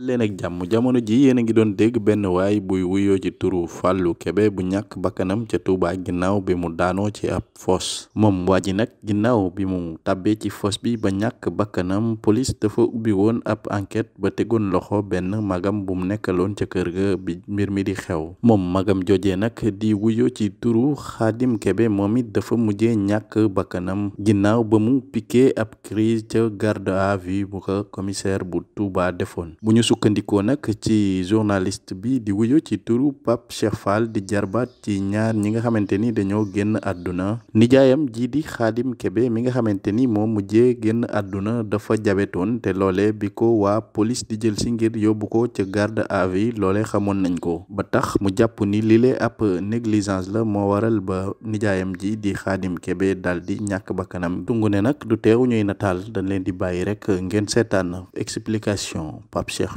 leen ak jàmm jamono ji yéen a ngi doon dégg benn waay buy wuyoo ci turu Fallou Kébé bu ñàkk bakkanam ca Touba ginnaaw bi mu daanoo ci ab fosse moom waa ji nag ginnaaw bi mu tàbbee ci fosse bi ba ñàkk bakkanam police dafa ubbi woon ab enquête ba tegoon loxo benn magam bu mu nekkaloon ca kër ga bi mbir mi di xew moom magam jojee nag di wuyoo ci turu Khadim kebe moom it dafa mujjee ñàkk bakkanam ginnaaw ba mu piqué ab crise ca garde à bu ko commissaire bu Touba defoon sukkandikoo nag ci journaliste bi di wuyu ci turu Pape Cheikh Fall di jarbaat ci ñaar ñi nga xamante ni dañoo génn àdduna nijaayam jii di Xaadim Kebe mi nga xamante ni moom mujjee génn àdduna dafa jabetoon te loole bi ko waa police di jël si ngir yóbbu ko ca garde à loole xamoon nañ ko ba tax mu jàpp ni lile app négligence la moo waral ba nijaayam ji di Xaadim Kebe dal di ñàkk bakkanam tungu ne nag du teew nataal dañ leen di bàyyi rek ngeen seetaan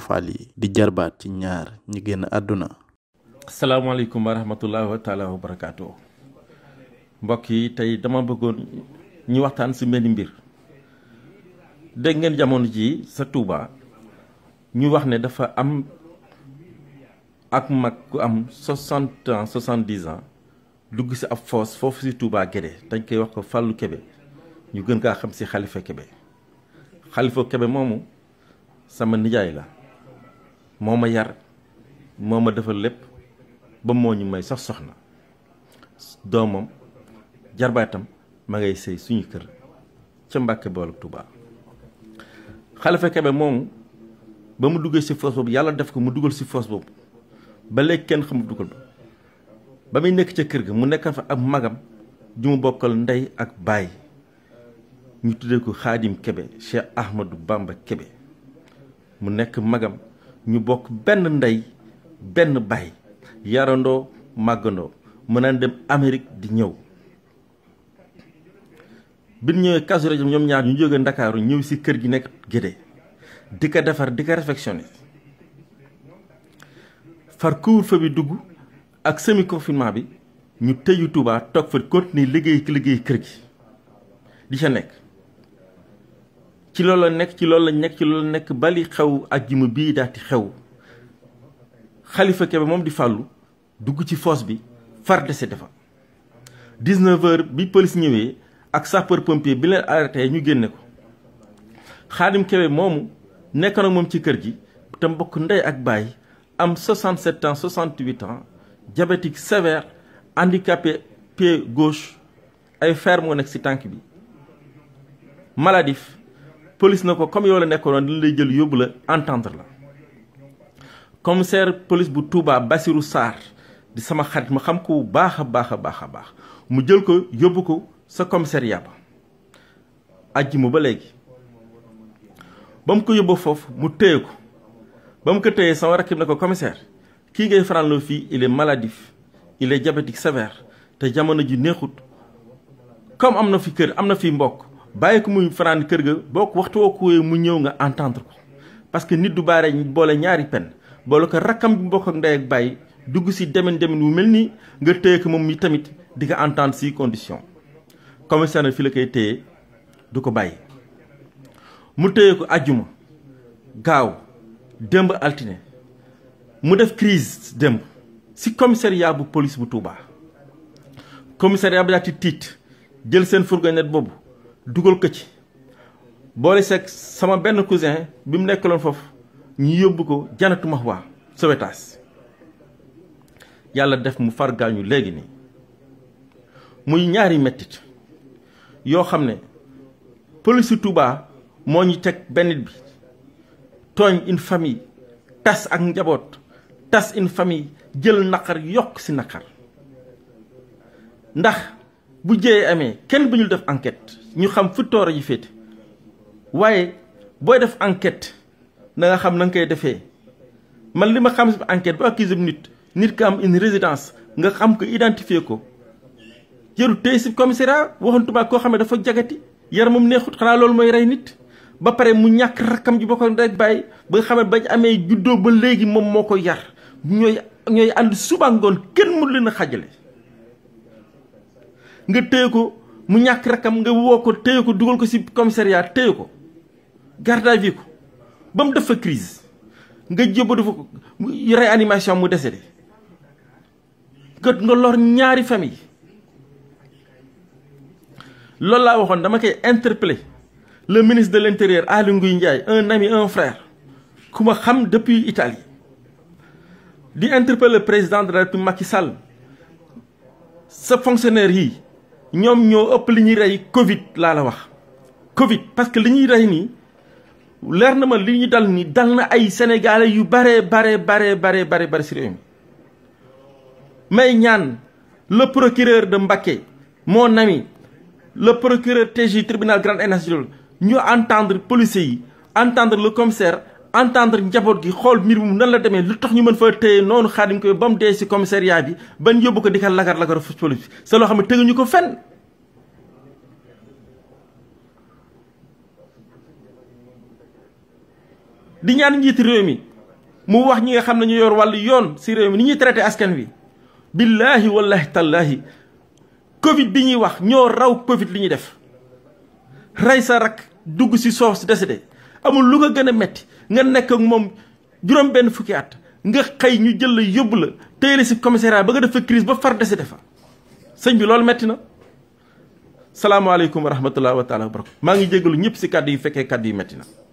Fall yi di jarbaat ci ñaar ñi génn àdduna asalaamaaleykum wa rahmatullahi wa taala wa mbokk yi tey dama bëggoon ñu waxtaan si mel mbir dégg ngeen jamono ji sa Touba ñu wax ne dafa am ak mag ku am soixante ans soixante dix ans dugg si ab foos foofu si Touba Guédé dañ koy wax ko Fallou Kébé ñu gën kaa xam ci Khalifa Kébé Khalifa Kébé moomu sama nijaay la moo ma yar moo ma defal lépp ba moo ñu may sax soxna doomam jarbaatam ma ngay sëy suñu kër ca Mbàkke boolu Tuubaa Xalifa Kebe moomu ba mu duggee ci foos boobu yàlla def ko mu dugal si foos boobu ba léegi kenn xamul dugal ba muy nekk ca kër ga mu nekk fa ak magam ju mu bokkal ndey ak baay ñu tuddee ko Xaadim Kebe Cheikh Ahmadou Bamba Kebe mu nekk magam ñu bokk benn ndey benn baay yarandoo màggandoo mën a dem Amérique di ñëw bi ñu ñëwee Kazu Rajab ñoom ñaar ñu jógee Ndakaaru ñëw si kër gi nekk Gédé di ko defar di ko réfectionné far couvre-feu dugg ak sëmi confinement bi ñu tëju Touba toog fa continuer liggéey liggéey kër gi di ca nekk. ci loolu la nekk ci loolu lañ nekk ci loolu la nekk bali xew ajjuma bii daati xew Xalifa Kebe moom di fàllu dugg ci fosse bi far dese defa 19h bi police ñëwee ak sapeur pompier bi leen arrêté ñu génne ko Xaadim Kebe moomu nekk na moom ci kër gi te mbokk ndey ak baay am 67 ans 68 ans diabétique sévère handicapé pied gauche ay fer moo nekk ci tànk bi maladif police na ko comme yow la nekkoon dañ lay jël yóbbu la entendre la commissaire police bu Touba Bassirou Sarr di sama xarit ma xam ko bu baax a baax a baax a baax mu jël ko yóbbu ko sa commissariat ba àjjuma ba léegi ba mu ko yóbbu foofu mu téye ko ba mu ko téyee sama rakib na ko commissaire kii ngay faranloo fii il est maladif il est diabétique te jamono ji neexut comme am na fi kër am na fi mbokk bàyyi ko muy fanaan kër ga boo ko waxtu woo ko mu ñëw nga ententre ko parce que nit du baare boole ñaari pen boole ko rakkam bi mbokk ak ndey ak bàyyi dugg si demen demen wu mel nii nga téye ko moom mi tamit di ko entendre si condition commissaire fi la koy téye du ko bàyyi mu téye ko ajjuma gaaw démb altine mu def crise démb si commissariat bu police bu Touba commissariat bi daal tiit jël seen fourgonnette boobu dugal ko ci boole seeg sama benn cousin bi mu loon foofu ñu yóbbu ko janatu Mahwa Sowetaas yàlla def mu fargaañu léegi nii muy ñaari mettit yoo xam ne polisu Touba moo ñu teg benn bi tooñ une famille tas ak njaboot tas une famille jël naqar yokk ci naqar ndax bu jëyee amee kenn bu def enquête ñu xam fu toor yi féete waaye booy def enquête na nga xam na nga koy defee man li ma xam si enquête bu accusé nit nit ka am une résidence nga xam ko identifier ko jëru tey si commissariat waxoon tubaab koo xam ne dafa jagati yar moom neexut xanaa loolu mooy rey nit ba pare mu ñàkk rakkam ji ba ko rek bàyyi ba nga xam ne bañ amee juddoo ba léegi moom moo ko yar ñooy ñooy ànd suba ngoon kenn mënu leen a xajale nga téye ko mu ñàkk rakkam nga woo ko téye ko dugal ko ci commissariat téye ko garde à ko ba mu def fa crise nga jébba dafa ko animation mu dese kat nga lor ñaari famille loolu laa waxoon dama koy interpellé le ministre de l' intérieur Aly Ngouille Ndiaye un ami un frère ku ma xam depuis Italie di interpellé président de la République Macky Sall sa fonctionnaire yii ñoom ñoo ëpp li ñuy rey Covid laa la wax Covid parce que li ñuy rey nii leer na ma li ñu dal nii dal na ay sénégalais yu bare bare bare bare bare bare si réew mi may ñaan le procureur de Mbacké mon ami le procureur TG tribunal grand instance ñu entendre policiers yi entendre le commissaire entendre njaboot gi xool mbir mu nan la demee lu tax ñu mën fa téye noonu xaadim koy ba mu dee si commissariat bi ban yóbbu ko di ka lagar lagar fas sa loo xam ne ñu ko fenn di ñaan njiitu réew mi mu wax ñi nga xam nañu yor wàll yoon si réew mi ni ñuy traité askan wi billaahi wallaahi tallaahi covid bi ñuy wax ñoo raw covid li ñuy def rey sa rak dugg si soof si amul lu ko gën a metti nga nekk ak moom juróom benn fukki at nga xëy ñu jël la yóbbu la téye la si commissariat ba nga def fa crise ba far desi defa sëñ bi loolu metti na salaamaaleykum wa rahmatulah wa taala wa barakatu maa ngi jégalu ñëpp si kàddu yi fekkee kàddu yi metti na